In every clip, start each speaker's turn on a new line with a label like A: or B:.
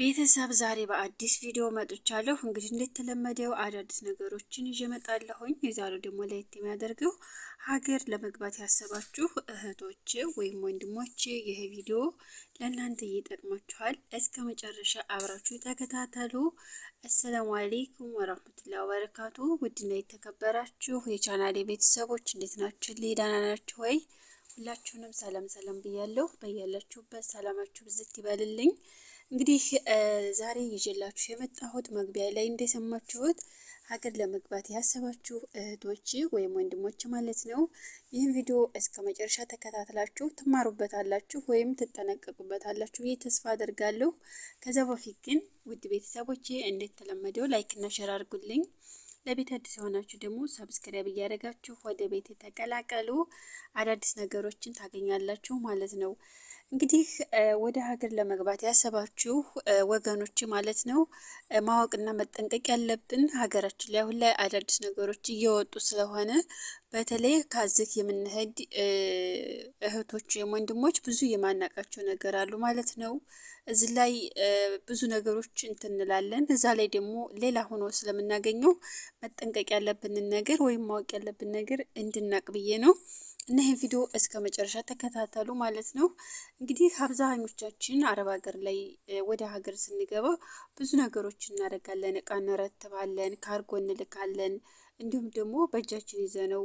A: ቤተሰብ ዛሬ በአዲስ ቪዲዮ መጥቻለሁ። እንግዲህ እንደተለመደው አዳዲስ ነገሮችን ይዤ እመጣለሁኝ። የዛሬው ደግሞ ለየት የሚያደርገው ሀገር ለመግባት ያሰባችሁ እህቶች ወይም ወንድሞች ይህ ቪዲዮ ለእናንተ ይጠቅማችኋል። እስከ መጨረሻ አብራችሁ ተከታተሉ። አሰላሙ አሌይኩም ወራህመቱላ ወበረካቱ። ውድና የተከበራችሁ የቻናሌ ቤተሰቦች እንዴት ናችሁ? ደህና ናችሁ ወይ? ሁላችሁንም ሰላም ሰላም ብያለሁ። በያላችሁበት ሰላማችሁ ብዝት ይበልልኝ። እንግዲህ ዛሬ ይዤላችሁ የመጣሁት መግቢያ ላይ እንደሰማችሁት ሀገር ለመግባት ያሰባችሁ እህቶች ወይም ወንድሞች ማለት ነው። ይህን ቪዲዮ እስከ መጨረሻ ተከታትላችሁ ትማሩበታላችሁ ወይም ትጠነቀቁበታላችሁ ብዬ ተስፋ አደርጋለሁ። ከዛ በፊት ግን ውድ ቤተሰቦች እንደተለመደው ላይክና ሸር አድርጉልኝ። ለቤት አዲስ የሆናችሁ ደግሞ ሰብስክራይብ እያደረጋችሁ ወደ ቤት ተቀላቀሉ። አዳዲስ ነገሮችን ታገኛላችሁ ማለት ነው። እንግዲህ ወደ ሀገር ለመግባት ያሰባችሁ ወገኖች ማለት ነው ማወቅና መጠንቀቅ ያለብን ሀገራችን ላይ አሁን ላይ አዳዲስ ነገሮች እየወጡ ስለሆነ በተለይ ከዚህ የምንሄድ እህቶች ወይም ወንድሞች ብዙ የማናቃቸው ነገር አሉ ማለት ነው። እዚህ ላይ ብዙ ነገሮች እንትንላለን። እዛ ላይ ደግሞ ሌላ ሆኖ ስለምናገኘው መጠንቀቅ ያለብንን ነገር ወይም ማወቅ ያለብን ነገር እንድናቅ ብዬ ነው። እና ይህ ቪዲዮ እስከ መጨረሻ ተከታተሉ ማለት ነው። እንግዲህ አብዛኞቻችን አረብ ሀገር ላይ ወደ ሀገር ስንገባ ብዙ ነገሮች እናደርጋለን። እቃ እንረትባለን፣ ካርጎ እንልካለን። እንዲሁም ደግሞ በእጃችን ይዘነው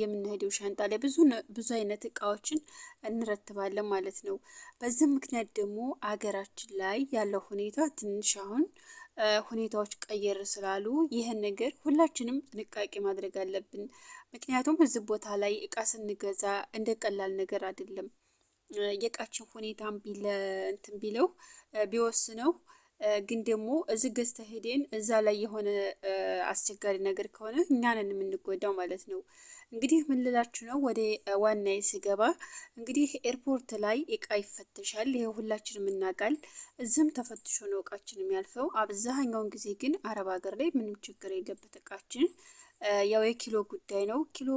A: የምንሄደው ሻንጣ ላይ ብዙ ብዙ አይነት እቃዎችን እንረትባለን ማለት ነው። በዚህ ምክንያት ደግሞ አገራችን ላይ ያለው ሁኔታ ትንሽ አሁን ሁኔታዎች ቀየር ስላሉ ይህን ነገር ሁላችንም ጥንቃቄ ማድረግ አለብን። ምክንያቱም እዚህ ቦታ ላይ እቃ ስንገዛ እንደ ቀላል ነገር አይደለም። የእቃችን ሁኔታን እንትን ቢለው ቢወስነው ግን ደግሞ እዚህ ገዝተ ሄደን እዛ ላይ የሆነ አስቸጋሪ ነገር ከሆነ እኛንን የምንጎዳው ማለት ነው። እንግዲህ ምን ልላችሁ ነው፣ ወደ ዋናዬ ስገባ እንግዲህ ኤርፖርት ላይ እቃ ይፈተሻል። ይሄ ሁላችንም እናውቃል። እዚህም ተፈትሾ ነው እቃችን የሚያልፈው። አብዛኛውን ጊዜ ግን አረብ ሀገር ላይ ምንም ችግር የለበት እቃችን። ያው የኪሎ ጉዳይ ነው። ኪሎ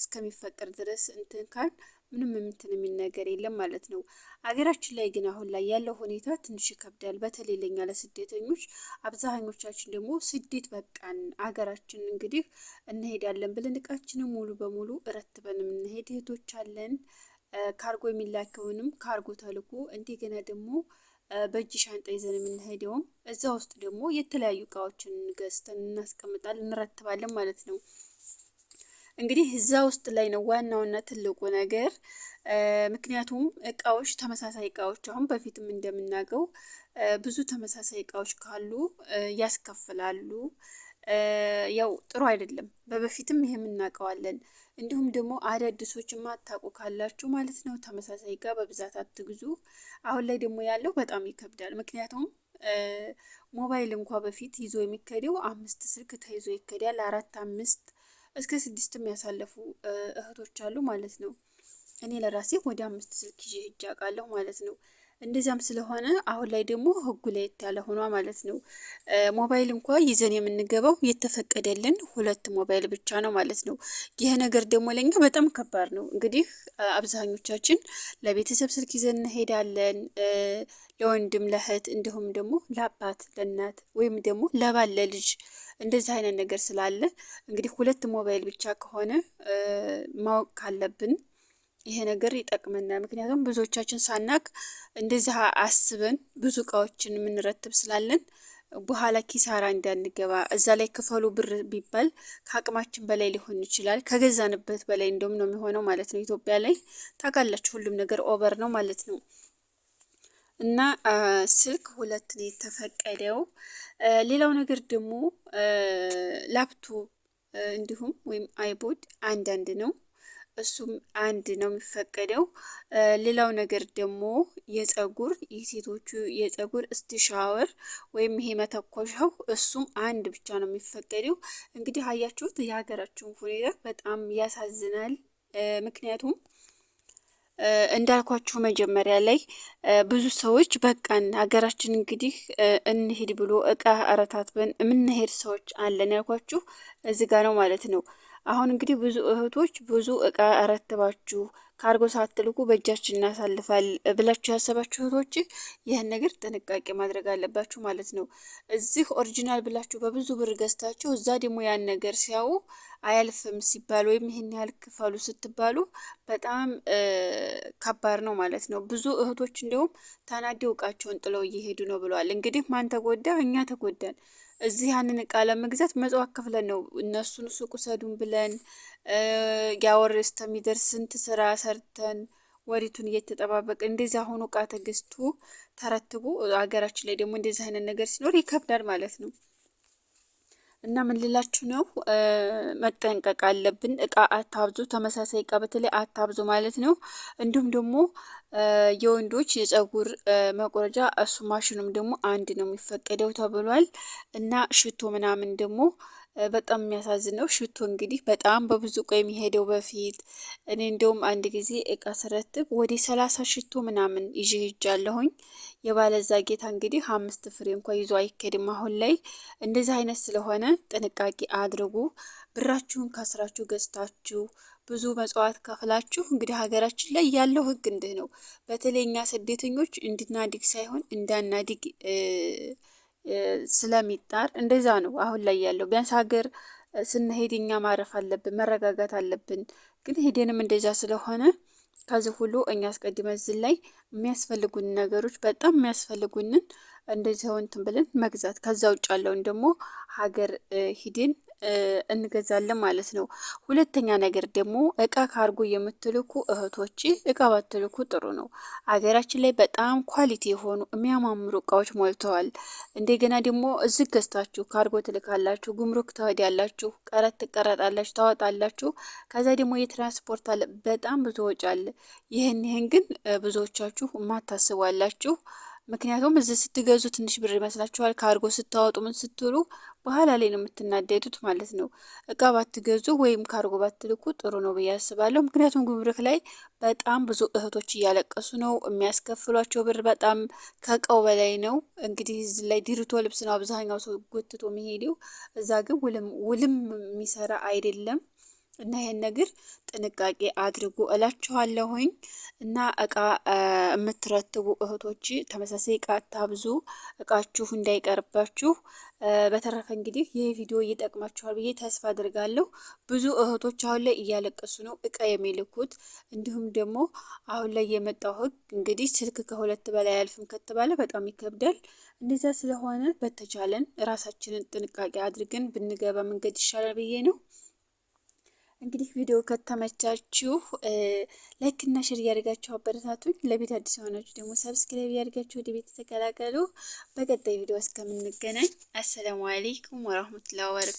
A: እስከሚፈቅር ድረስ እንትን ካል ምንም እንትን የሚል ነገር የለም ማለት ነው። አገራችን ላይ ግን አሁን ላይ ያለው ሁኔታ ትንሽ ይከብዳል። በተለይ ለኛ ለስደተኞች አብዛኞቻችን ደግሞ ስደት በቃን አገራችን እንግዲህ እንሄዳለን ብለን እቃችንም ሙሉ በሙሉ እረትበን የምንሄድ እህቶች አለን። ካርጎ የሚላከውንም ካርጎ ተልኮ እንደገና ደግሞ በእጅ ሻንጣ ይዘን የምንሄደውም እዛ ውስጥ ደግሞ የተለያዩ እቃዎችን ገዝተን እናስቀምጣል እንረትባለን ማለት ነው። እንግዲህ እዛ ውስጥ ላይ ነው ዋናውና ትልቁ ነገር። ምክንያቱም እቃዎች ተመሳሳይ እቃዎች አሁን በፊትም እንደምናገው ብዙ ተመሳሳይ እቃዎች ካሉ ያስከፍላሉ። ያው ጥሩ አይደለም። በበፊትም ይሄም እናውቀዋለን። እንዲሁም ደግሞ አዳዲሶች ማታውቁ ካላችሁ ማለት ነው ተመሳሳይ እቃ በብዛት አትግዙ። አሁን ላይ ደግሞ ያለው በጣም ይከብዳል። ምክንያቱም ሞባይል እንኳ በፊት ይዞ የሚከደው አምስት ስልክ ተይዞ ይከዳል። አራት አምስት እስከ ስድስት የሚያሳለፉ እህቶች አሉ ማለት ነው። እኔ ለራሴ ወደ አምስት ስልክ ይዤ አውቃለሁ ማለት ነው። እንደዚያም ስለሆነ አሁን ላይ ደግሞ ህጉ ለየት ያለ ሆኗ ማለት ነው። ሞባይል እንኳ ይዘን የምንገባው የተፈቀደልን ሁለት ሞባይል ብቻ ነው ማለት ነው። ይህ ነገር ደግሞ ለኛ በጣም ከባድ ነው። እንግዲህ አብዛኞቻችን ለቤተሰብ ስልክ ይዘን እንሄዳለን፣ ለወንድም ለእህት፣ እንዲሁም ደግሞ ለአባት ለእናት ወይም ደግሞ ለባል ለልጅ እንደዚህ አይነት ነገር ስላለ እንግዲህ ሁለት ሞባይል ብቻ ከሆነ ማወቅ ካለብን ይሄ ነገር ይጠቅመናል። ምክንያቱም ብዙዎቻችን ሳናቅ እንደዚህ አስበን ብዙ እቃዎችን የምንረትብ ስላለን በኋላ ኪሳራ እንዳንገባ እዛ ላይ ክፈሉ ብር ቢባል ከአቅማችን በላይ ሊሆን ይችላል። ከገዛንበት በላይ እንደውም ነው የሚሆነው ማለት ነው። ኢትዮጵያ ላይ ታውቃላችሁ፣ ሁሉም ነገር ኦቨር ነው ማለት ነው። እና ስልክ ሁለት ነው የተፈቀደው። ሌላው ነገር ደግሞ ላፕቶፕ እንዲሁም ወይም አይቦድ አንዳንድ ነው። እሱም አንድ ነው የሚፈቀደው። ሌላው ነገር ደግሞ የጸጉር የሴቶቹ የጸጉር እስትሻወር ወይም ይሄ መተኮሻው እሱም አንድ ብቻ ነው የሚፈቀደው። እንግዲህ አያችሁት የሀገራችን ሁኔታ በጣም ያሳዝናል። ምክንያቱም እንዳልኳችሁ መጀመሪያ ላይ ብዙ ሰዎች በቃን ሀገራችን እንግዲህ እንሄድ ብሎ እቃ አረታትበን የምንሄድ ሰዎች አለን ያልኳችሁ እዚህ ጋ ነው ማለት ነው። አሁን እንግዲህ ብዙ እህቶች ብዙ እቃ ረትባችሁ ካርጎ ሳትልኩ በእጃችን እናሳልፋል ብላችሁ ያሰባችሁ እህቶች ይህን ነገር ጥንቃቄ ማድረግ አለባችሁ ማለት ነው። እዚህ ኦሪጂናል ብላችሁ በብዙ ብር ገዝታችሁ እዛ ደግሞ ያን ነገር ሲያዩ አያልፍም ሲባል ወይም ይህን ያህል ክፈሉ ስትባሉ በጣም ከባድ ነው ማለት ነው። ብዙ እህቶች እንዲሁም ተናደው እቃቸውን ጥለው እየሄዱ ነው ብለዋል። እንግዲህ ማን ተጎዳ? እኛ ተጎዳን። እዚህ ያንን እቃ ለመግዛት መጽዋት ከፍለን ነው እነሱን ሱቁ ሰዱን ብለን ያወር እስከሚደርስ ስንት ስራ ሰርተን ወሪቱን እየተጠባበቅ እንደዚህ አሁኑ እቃ ተገዝቶ ተረትቦ አገራችን ላይ ደግሞ እንደዚህ አይነት ነገር ሲኖር ይከብዳል ማለት ነው። እና ምን ልላችሁ ነው፣ መጠንቀቅ አለብን። እቃ አታብዙ፣ ተመሳሳይ እቃ በተለይ አታብዙ ማለት ነው። እንዲሁም ደግሞ የወንዶች የጸጉር መቁረጃ እሱ ማሽኑም ደግሞ አንድ ነው የሚፈቀደው ተብሏል። እና ሽቶ ምናምን ደግሞ በጣም የሚያሳዝነው ሽቶ እንግዲህ በጣም በብዙ እቃ የሚሄደው በፊት እኔ እንደውም አንድ ጊዜ እቃ ስረትብ ወደ ሰላሳ ሽቶ ምናምን ይዤ ሄጃለሁኝ። የባለዛ ጌታ እንግዲህ አምስት ፍሬ እንኳ ይዞ አይከድም። አሁን ላይ እንደዚህ አይነት ስለሆነ ጥንቃቄ አድርጉ። ብራችሁን ከስራችሁ ገዝታችሁ ብዙ መጽዋት ከፍላችሁ እንግዲህ ሀገራችን ላይ ያለው ህግ እንድህ ነው። በተለይ እኛ ስደተኞች እንድናድግ ሳይሆን እንዳናድግ ስለሚጣር እንደዛ ነው አሁን ላይ ያለው። ቢያንስ ሀገር ስንሄድ እኛ ማረፍ አለብን፣ መረጋጋት አለብን። ግን ሄደንም እንደዛ ስለሆነ ከዚህ ሁሉ እኛ አስቀድመን እዚህ ላይ የሚያስፈልጉን ነገሮች በጣም የሚያስፈልጉንን እንደዚህ እንትን ብለን መግዛት፣ ከዛ ውጭ ያለውን ደግሞ ሀገር ሂድን እንገዛለን ማለት ነው። ሁለተኛ ነገር ደግሞ እቃ ካርጎ የምትልኩ እህቶች እቃ ባትልኩ ጥሩ ነው። አገራችን ላይ በጣም ኳሊቲ የሆኑ የሚያማምሩ እቃዎች ሞልተዋል። እንደገና ደግሞ እዚህ ገዝታችሁ ካርጎ ትልካላችሁ፣ ጉምሩክ ትሄዳላችሁ፣ ቀረጥ ትቀረጣላችሁ፣ ታወጣላችሁ። ከዛ ደግሞ የትራንስፖርት አለ፣ በጣም ብዙ ወጪ አለ። ይህን ይህን ግን ብዙዎቻችሁ ማታስባላችሁ ምክንያቱም እዚህ ስትገዙ ትንሽ ብር ይመስላችኋል። ካርጎ ስታወጡ ምን ስትሉ በኋላ ላይ ነው የምትናደዱት ማለት ነው። እቃ ባትገዙ ወይም ካርጎ ባትልኩ ጥሩ ነው ብዬ አስባለሁ። ምክንያቱም ጉምሩክ ላይ በጣም ብዙ እህቶች እያለቀሱ ነው። የሚያስከፍሏቸው ብር በጣም ከቀው በላይ ነው። እንግዲህ እዚህ ላይ ድርቶ ልብስ ነው አብዛኛው ሰው ጎትቶ የሚሄደው። እዛ ግን ውልም የሚሰራ አይደለም። እና ይሄን ነገር ጥንቃቄ አድርጉ እላችኋለሁኝ። እና እቃ የምትረትቡ እህቶች ተመሳሳይ እቃ አታብዙ፣ እቃችሁ እንዳይቀርባችሁ። በተረፈ እንግዲህ ይህ ቪዲዮ እየጠቅማችኋል ብዬ ተስፋ አድርጋለሁ። ብዙ እህቶች አሁን ላይ እያለቀሱ ነው እቃ የሚልኩት። እንዲሁም ደግሞ አሁን ላይ የመጣው ህግ እንግዲህ ስልክ ከሁለት በላይ አያልፍም ከተባለ በጣም ይከብዳል። እንደዛ ስለሆነ በተቻለን ራሳችንን ጥንቃቄ አድርገን ብንገባ መንገድ ይሻላል ብዬ ነው እንግዲህ ቪዲዮ ከተመቻችሁ ላይክ እና ሼር እያደርጋችሁ አበረታቱኝ። ለቤት አዲስ የሆናችሁ ደግሞ ሰብስክራይብ እያደርጋችሁ ወደ ቤት ተቀላቀሉ። በቀጣይ ቪዲዮ እስከምንገናኝ አሰላሙ አለይኩም ወረህመቱላሂ ወበረካቱ።